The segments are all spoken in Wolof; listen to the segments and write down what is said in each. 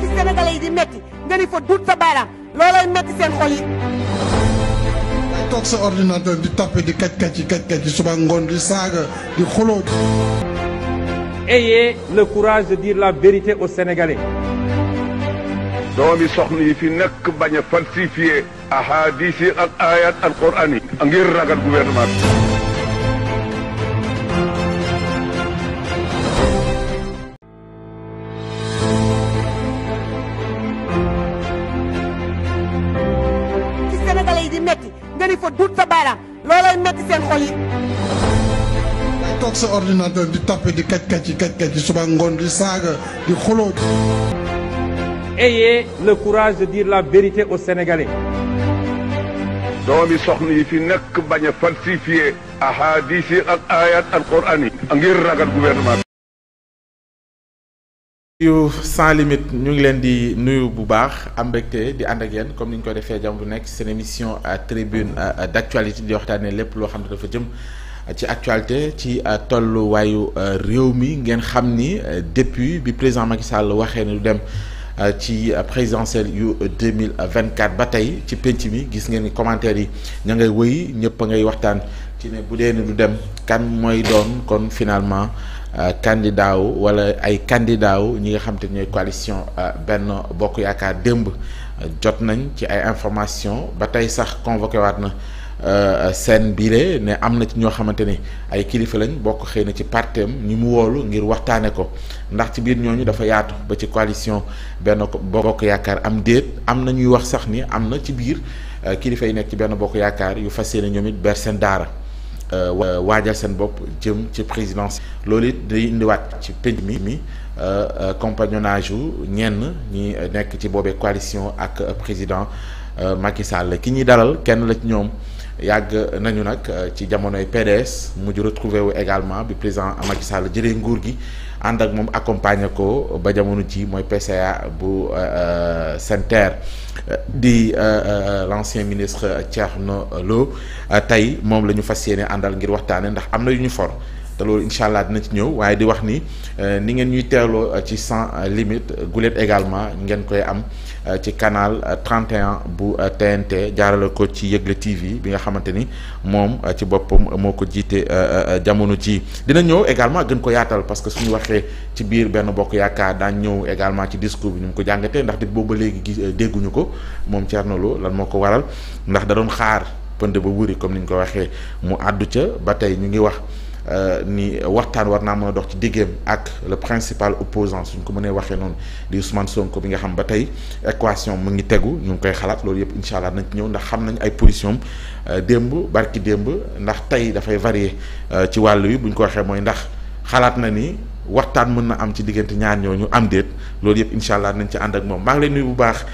ci sénégalais yi di metti nga ni fa duut sa baaraam loolay metti seen xol yi. ngay toog sa ordinateur di tapé di kaj kaj yi suba ngoon di saaga di xuloo. ayez le courage de dire la vérité aux Sénégalais. doomi soxna yi fi nekk bañ a falsifié ahadis yi ak ayat alquran ngir ragal gouvernement bi. fa duut sa baaraam loolay metti seen xol yi. toog sa ordinateur di tapé di kaj kaj yi kaj kaj suba ngoon di saaga di xoloo. ayez le courage de la vérité au Sénégalais. doomi soxna yi fi nekk bañ a falsifié ahadis yi ak ayat alquran yi. ngir ragal gouvernement yu sans ñu ngi leen di nuyu bu baax am mbégte di ànd ak yéen comme ni ñu ko defee jam bu nekk seen émission euh, tribune euh, d'actualité di waxtaanee lépp loo xam ne dafa jëm euh, ci actualité ci tolluwaayu réew mi ngeen xam ni depuis bi président Macky Sall waxee ne du dem ci présidentielle yu 2024 ba tey ci penc mi gis ngeen ni commentaires yi ña ngay wëy ñëpp a ngay waxtaan ci ne bu dee ni du dem kan mooy doon kon finalement Euh, candidat wu wala ay candidat ñi nga xam ñooy coalition euh, benn Bokk Yaakaar démb euh, jot nañ ci ay information ba tey sax convoqué waat na seen biire ne am na ci ñoo xamante ni ay kilifa lañ bokk xëy na ci partem ñi mu woolu ngir waxtaane ko ndax ci biir ñooñu dafa yaatu ba ci coalition benn bokk yaakaar am déet am na ñuy wax sax ni am na ci biir kilifa yu nekk ci benn bokk yaakaar yu fas yéene ñoom it ber seen daara Euh, euh, waajal seen bopp jëm ci présidence loolu it day indiwaat ci penc mi mi euh, compagnonnage yu ñenn ñi nekk ci boobee coalition ak président Macky Sall ki ñuy dalal kenn la ci ñoom yàgg nañu nag ci jamonoy PDS mujj retrouvé wu également bi président Macky Sall jëlee nguur gi ànd ak moom accompagner ko ba jamono ji mooy PCA bu euh, euh, SENTER di euh, l'ancien ministre Thierno Lo tey moom la ñu fas yéene àndal ngir waxtaane ndax am na yu ñu for te loolu incha allah dina ci ñëw waaye di wax ni ni ngeen ñuy teeloo ci sans limite gulet également ngeen koy am Euh, ci canal 31 euh, bu TNT euh, jaarale ko ci Yëgle TV bi nga xamante ni moom ci boppam moo ko jiite jamono ji dina ñëw également gën ko yaatal parce que suñu waxee ci biir benn bokk yaakaar daan ñëw également ci discours bi ñu ko jàngatee ndaxte boobu ba léegi dégguñu ko moom Thierno Lo lan moo ko waral ndax da doon xaar pënd ba wuri comme ni ñu ko waxee mu àddu ca ba tey ñu ngi wax. Euh, ni waxtaan war naa mën a dox ci diggeem ak le principal opposant suñ ko mënee waxee noonu di Ousmane Sonko bi nga xam ba tey équation mu ngi tegu ñu ngi koy xalaat loolu yëpp incha allah nañ ci ñëw ndax xam nañ ay position euh, démb barki démb ndax tey dafay varier euh, ci wàll wi buñ ko waxee mooy ndax xalaat na ni waxtaan mën na am ci diggante ñaar ñoo ñu am déet loolu yëpp incha allah nañ ci ànd ak moom maa ngi lay nuyu bu baax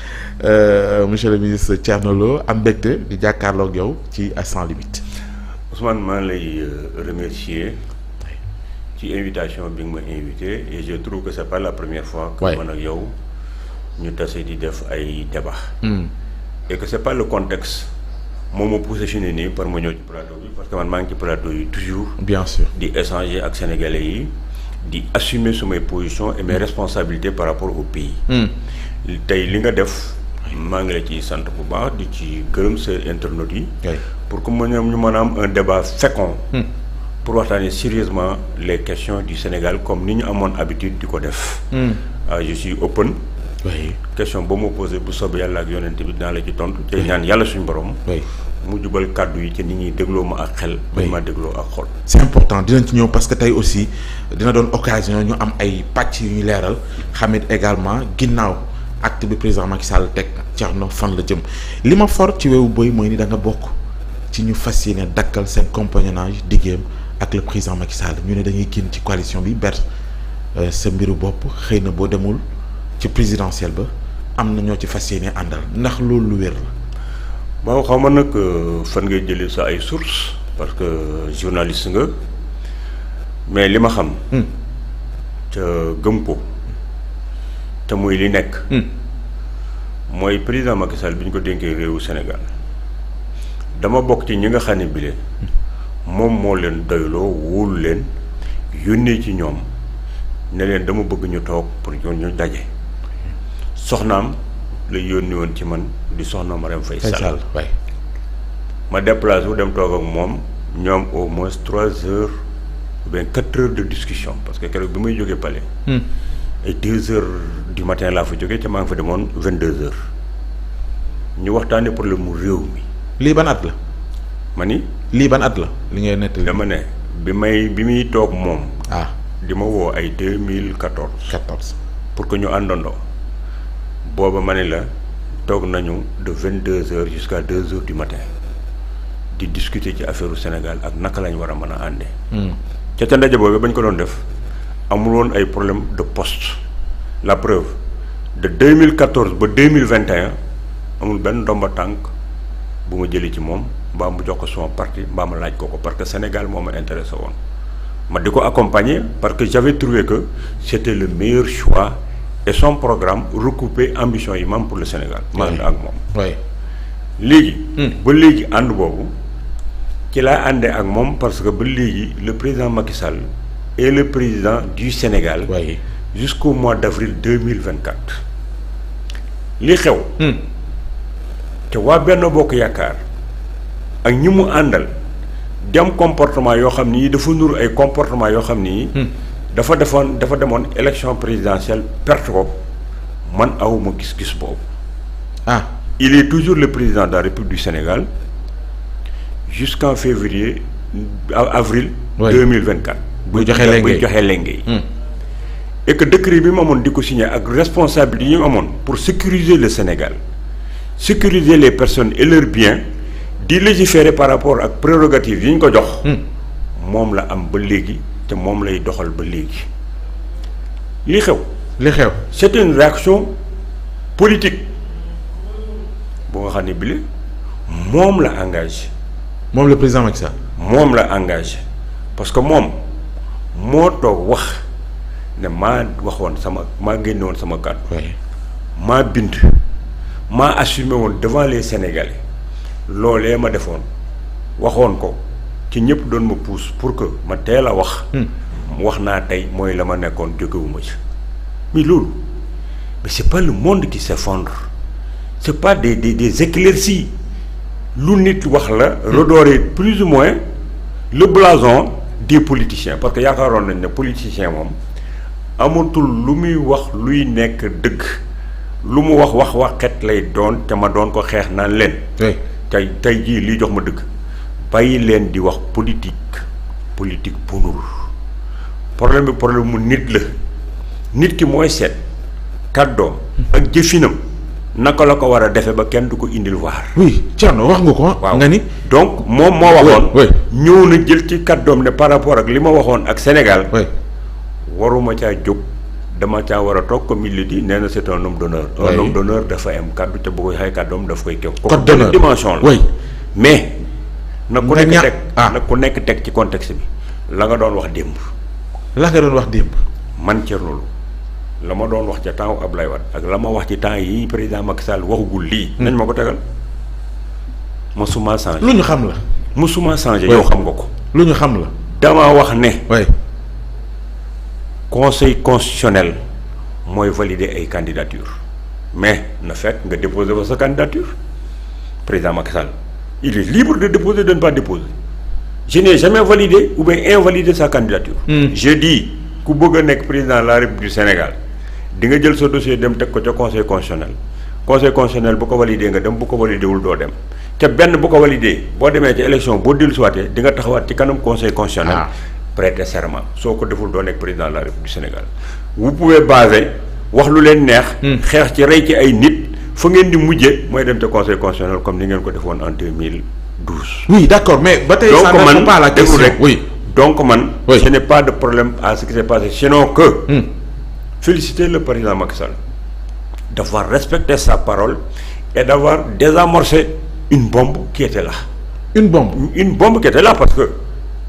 monsieur le ministre Thierno Lo am mbégte di jàkkaarloog yow ci sans Ousmane maa lay euh, remercier ci invitation bi nga ma invité et je trouve que c'est pas la première fois. que man ak yow ñu tase di def ay débat. Hmm. et que c'est pas le contexte moom ma positionné nii par ma ñëw ci plateau bi parce que man maa ngi ci plateau yi toujours. bien sûr di échanger ak sénégalais yi di assumer sumay position et mes hmm. responsabilités par rapport au pays. Hmm. tey li nga def. maa ngi la ciy sant bu baax di ci gërëm seen internautes yi. pour que ma ñu mën a am un débat fécond. Hmm. pour waxtaanee sérieusement les questions du Sénégal comme ni ñu amoon habitude di ko def. Hmm. Ah, je suis open. oui question ba ma posé bu soobee yàlla ak yonent bi dinaa la ci tontu. te ñaan yàlla suñu borom. mu jubal kàddu yi ci nit ñuy dégloo ma ak xel. bañ ma dégloo ak xol. c'est important dinañ ci ñëw parce que tey aussi dina doon occasion ñu am ay pàcc yu ñu leeral xamit également ginnaaw. acte bi président Macky Sall teg Thierno fan la jëm li ma for ci weewu boy mooy nii danga bokk ci ñu fas yéene dakkal seen compagnonnage diggéem ak le président Macky Sall ñu ne dañuy génn ci coalition bi ber euh, sa mbiru bopp xëy na boo demul ci présidentielle ba am na ñoo ci fas yéene àndal ndax loolu lu wér la. bon xaw ma nag euh, fan ngay jëlee sa ay source parce que euh, journaliste nga mais li ma xam. Hmm. ca Gëmpo. te muy li nekk. Hmm. mooy président Macky Sall bi ñu ko dénkee réewu Sénégal dama bokk ci ñi nga xam ne bile moom moo leen doyloo wóolu leen yónnee ci ñoom ne leen dama bëgg ñu toog pour ñu daje soxnaam la yónni woon ci man di soxna ma Faye Sall ma déplacé wu dem toog ak moom ñoom au moins trois heures ou bien quatre heures de discussion parce que keroog bi may jógee palais. Hmm. ay deux heures du matin laa fa jógee te maa ngi fa demoon vingt deux heures ñu waxtaanee problème mu réew mi. lii at la. ma ni. lii at la li ngay nettali. dama ne bi may bi muy toog moom. ah di ma woo ay deux mille quatorze. quatorze pour que ñu àndandoo. booba ma ne la toog nañu de vingt deux heures jusqu'à deux heures du matin di discuter ci affaire Sénégal ak naka lañ war a mën a àndee. Hmm. ca ca ndaje boobu bañ ko doon def. amul woon ay problème de poste la preuve de 2014 ba 2021 amul benn ndomba tànk bu ma jëlee ci moom mbaa mu jox ko sama partie mbaam ma laaj ko ko parce que Sénégal moo ma intéressé woon ma di ko accompagner parce que j'avais trouvé que c'était le meilleur choix et son programme recoupait ambition yi maam pour le Sénégal ma ak moom léegi hmm. ba léegi ànd boobu ci laa àndee ak moom parce que ba léegi le président Macky Sall est le président du Sénégal. Oui. jusqu'au mois d'avril 2024 li xew. Hmm. te waa benn bokk yaakaar ak ñi mu àndal di comportement yoo xam ni dafa nuru ay comportement yoo xam ni. Hmm. dafa defoon dafa demoon élection présidentielle perte ko man awuma gis-gis boobu. ah il est toujours le président de la République du Sénégal jusqu'en février avril. oui 2024. buy joxee lenge buy joxe yi. Hmm. et que décret bi mu amoon di ko signé ak responsable yi ñu amoon pour sécuriser le Sénégal sécuriser les personne et leurs biens di légiférer par rapport ak prérogatives yi ñu ko jox. Hmm. moom la am ba léegi te moom lay doxal ba léegi li xew. li xew c'est une réaction politique boo nga xam ne bile moom la engage moom la président Macky Sall. moom la engage parce que moom. moo toog wax ne maa waxoon sama maa génne woon sama kàddu maa bind maa assumé woon devant les Sénégalais loolee ma defoon waxoon ko ci ñëpp doon ma pousse pour que ma teel a wax hmm. wax naa tey mooy la ma nekkoon jógewuma ci mais loolu mais c'est pas le monde qui s'effondre c'est pas des des des éclaircies lu nit wax la hmm. redorer plus ou moins le blason des politiciens parce que yaakaaroon nañ ne politicien moom amatul lu muy wax luy nekk dëgg lu mu wax wax waxet lay doon te ma doon ko xeex na leen. tey tey jii lii jox ma dëgg. bàyyi leen di wax politique politique bunul problème bi problème mu nit la nit ki mooy seet kàddoom ak jëfinam. naka la ko war a defee ba kenn du ko indil waar. oui Thierno wax nga ko waaw nga ni. donc moom moo waxoon. ñëw na jël ci kàddoom ne par rapport ak li ma waxoon ak Sénégal. waruma caa jóg dama caa war a toog comme il le dit nee na c'est un homme d'honneur. un homme d'honneur dafa am kàddu te bu koy xëy kàddoom dafa koy kew. code d'honneur dimension la mais. na ku nekk teg ah. na ku nekk teg ci contexte bi. la nga doon wax démb. la nga doon wax démb. man Thierno Lo la ma doon wax ca temps ab Ablaye Wade ak la ma wax ci temps yi président Macky Sall waxugul lii. nañ ma ko tegal mosuma changé. lu ñu xam la. mosuma changé. yow xam nga ko. lu ñu xam la. dama wax ne. oui. conseil constitutionnel mooy valider ay candidature mais na fekk nga déposer ba sa candidature président Macky Sall il est libre de déposer de ne pas déposer je n'ai jamais validé ou bien invalidé sa candidature. Mm. je ku bëgg a nekk président de la République du di nga jël sa dossier dem teg ko ca conseil constitutionnel conseil constitutionnel bu ko validé nga dem bu ko validé wul doo dem ca benn bu ko validé boo demee ci élection boo dellusiwaatee di nga taxawaat ci kanam conseil constitutionnel. Ah. prêter serment soo ko deful doo nekk président de la république du Sénégal. vous pouvez baser wax lu leen neex. Hmm. xeex ci rey ci ay nit. fa ngeen di mujjee mooy dem ca conseil constitutionnel comme ni ngeen ko defoon en 2012. oui d' accord mais ba tey. n' est pas féliciter le président Macky Sall d'avoir respecté sa parole et d'avoir désamorcé une bombe qui la là. une bombe une bombe qui était parce que.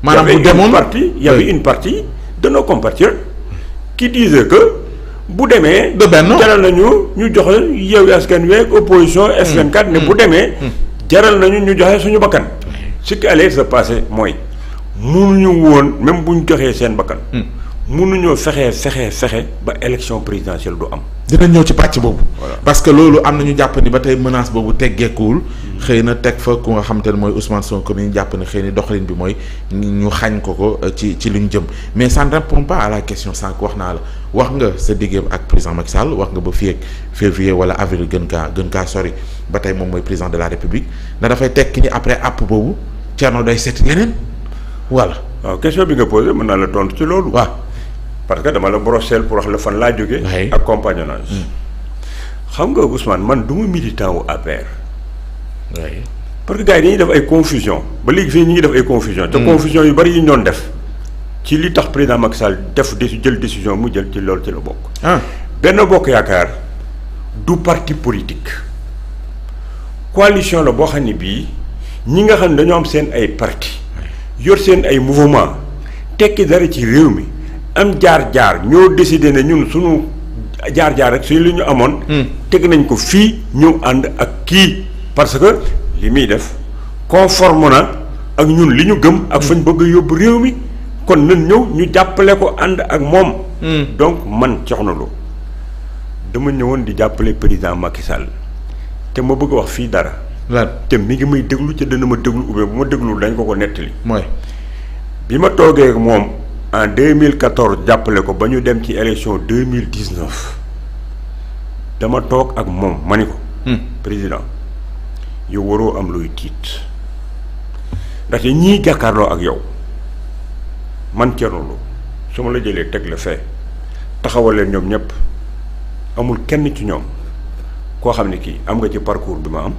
maanaam bu demoon une partie il y une partie de nos compatriotes qui disaient que bu demee. de benn jaral nañu ñu joxe Yewwi Askan Wi ak opposition. Hmm. F24 ne bu hmm. demee. Hmm. jaral nañu ñu joxe suñu bakkan. ce qui allait se passer mooy mënuñu woon même bu ñu joxee seen bakkan. mënuñoo fexe fexe fexe ba election présidentielle du am. dina ñëw ci pàcc boobu. parce que loolu am na ñu jàpp ni ba tey menace boobu teg teggeekuwul. Hmm. xëy na teg fa ku nga xamante ne mooy Ousmane Sonko mi jàpp ne xëy na doxalin bi mooy ñu xañ ko ko euh, ci ci li ñu jëm mais ça pompa répond à la question sànq wax naa la wax nga sa diggéem ak président Macky Sall wax nga ba fi ak février wala avril gën kaa gën kaa sori ba tey moom mooy président de la république na dafay tekki ni après àpp boobu Thierno day seeti ñeneen voilà. waaw question bi nga posé mën naa la tontu ci loolu. waaw. parce que dama la brossel pour wax la fan laa jóge ak compagnonnage mm. xam nga Ousmane man du ma militant wu APR parce que yi dañuy def ay confusion ba léegi fii ñu ngi def ay confusion te mm. confusion yu bari yu ñu def ci li tax président Macky Sall def jël décision mu jël ci loolu ci la bokk ah. benn bokk yaakaar du parti politique coalition la boo xam ne bii ñi nga xam ne dañoo am seen ay parti yor seen ay mouvement tekki dara ci réew mi am jaar-jaar ñoo décidé ne ñun suñu jaar-jaar rek suñu li ñu amoon. Hmm. teg nañ ko fii ñëw ànd ak kii parce que li muy def conforme na ak ñun li ñu gëm. ak fañ hmm. bëgg yóbbu réew mi kon nan ñëw ñu jàppale ko ànd ak moom. Hmm. donc man Soxna Lo dama ñëwoon di jàppale président Macky te ma bëgg wax fii dara. te mi ngi may déglu ci dana ma déglu oubien bu ma déglu dañ ko ko nettali. mooy bi ma toogee moom. en 2014 jàppale ko ba ñu dem ci élection 2019 dama toog ak moom ma ni ko. Hmm. président yow waroo am luy tiit ndaxte ñii jàkkaarloo ak yow man Thierno Lo su ma la jëlee teg la fee taxawaleen ñoom ñëpp amul kenn ci ñoom koo xam ne kii am nga ci parcours bi ma am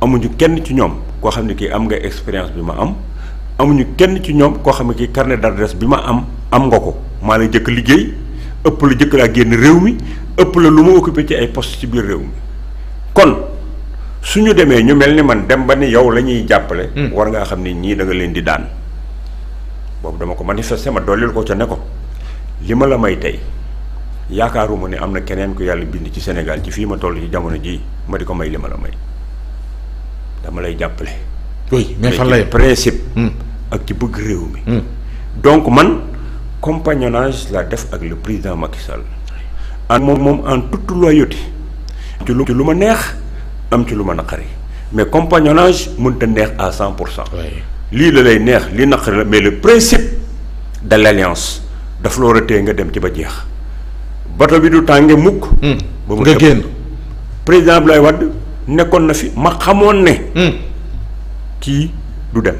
amuñu kenn ci ñoom koo xam ne kii am nga expérience bi ma am. amuñu kenn ci ñoom koo xam ne kii carnet d'adresse bi ma am am nga ko maa la jëkk liggéey ëpp la jëkk laa génn réew mi ëpp la lu ma occupé ci ay post ci biir réew mi kon suñu demee ñu mel ni man dem ba ni yow la ñuy jàppale hmm. war ngaa xam ne ñii da nga leen di daan boobu dama ko manifester ma dooleel ko ca ne ko li ma la may tey yaakaaruma ne am na keneen ku yàlla bind ci Sénégal ci fii ma toll ci jamono ji ma di ko may li ma la may dama lay jàppale oui mais fan ak ci bëgg réew mi. Hmm. donc man compagnonnage laa def ak le président Macky Sall. en moom moom en tout loyauté. ci lu ci lu ma neex am ci lu ma naqari mais compagnonnage mënta neex à cent pour cent. lii la lay neex li naqari la mais le principe de l' alliance daf loo ratee nga dem ci ba jeex bato bi du tànge mukk. Hmm. ba mu nga génn président Abdoulaye Wade nekkoon na fi ma xamoon ne. Hmm. kii du dem.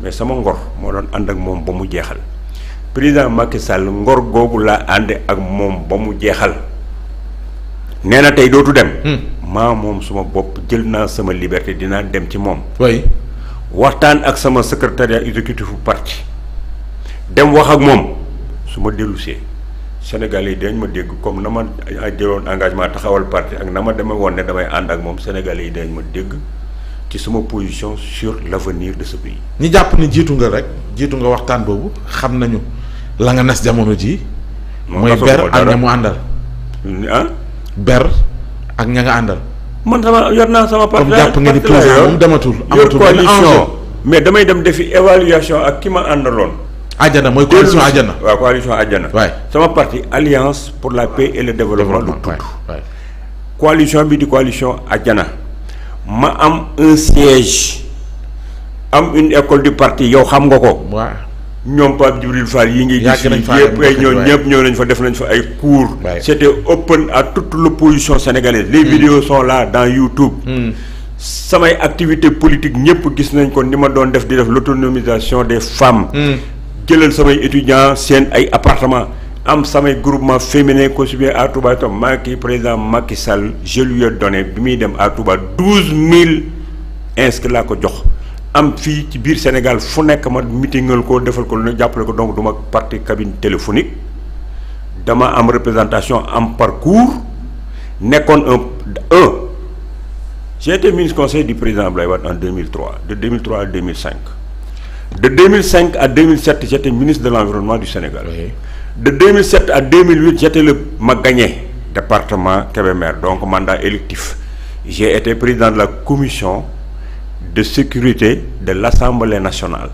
mais sama ngor moo doon ànd ak moom ba mu jeexal président Macky Sall ngor googu laa ànd ak moom ba mu jeexal nee na tey dootu dem. Hmm. maa moom suma bopp jël naa sama liberté dinaa dem ci moom. waxtaan ak sama secrétariat exécutif bu parti dem wax ak moom su ma dellusee Sénégalais yi dañ ma dégg comme na ma jëloon engagement taxawal parti ak na ma demee woon ne damay ànd ak moom Sénégalais yi dañ ma dégg. ci sama position sur l'avenir de ce pays. ñi jàpp ni jiitu nga rek jiitu nga waxtaan boobu xam nañu la nga nas jamono jii mooy ber ak ña mu àndal. ah. ber ak ña nga àndal. man sama yor naa sama. parti jàpp nga ni dematul. amatul mais damay dem defi évaluation ak ki ma àndaloon. ajana mooy coalition ajana waaw coalition ajana waay sama alliance pour la paix et le développement. du tudd coalition bi di coalition ajana ma am un siège am une école du parti yow xam nga ko. waaw ñoom Pape Djibril Fall yi ngi gis yëpp ay ñoo ñëpp ñëw nañ fa def nañ fa ay cours. c'était open à toute l'opposition sénégalaise. les hmm. vidéos son la dans YouTube. Hmm. samay activité politique ñëpp gis nañ ko ni ma doon def di def l'autonomisation des femmes. Hmm. jëlal samay étudiants seen ay appartement am samay groupement féminin constitué à Touba tam maa ngi président Macky Sall je lui ai bi muy dem à Touba douze mille inscrits laa ko jox am fii ci biir Sénégal fu nekk ma meetingal ko defal ko lu ne jàppale ko donc du ma parti cabine téléphonique dama am représentation am parcours nekkoon un un j'ai été ministre conseil du président Abdoulaye Wade en 2003 de 2003 à 2005 de 2005 à ministre de l'environnement du Sénégal. de 2007 à 2008 j'étais le ma gagné département Kébémer donc mandat électif j'ai été président de la commission de sécurité de l'Assemblée nationale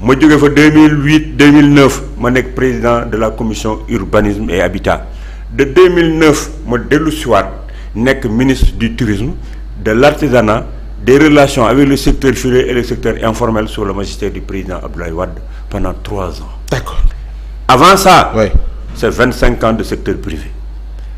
ma jóge fa 2008 2009 ma nekk président de la commission urbanisme et habitat de 2009 ma dellu siwaat nekk ministre du tourisme de l'artisanat des relations avec le secteur furieux et le secteur informel sous le magistère du président Abdoulaye Wade pendant trois ans d'accord avant ça. oui c'est vingt de secteur privé.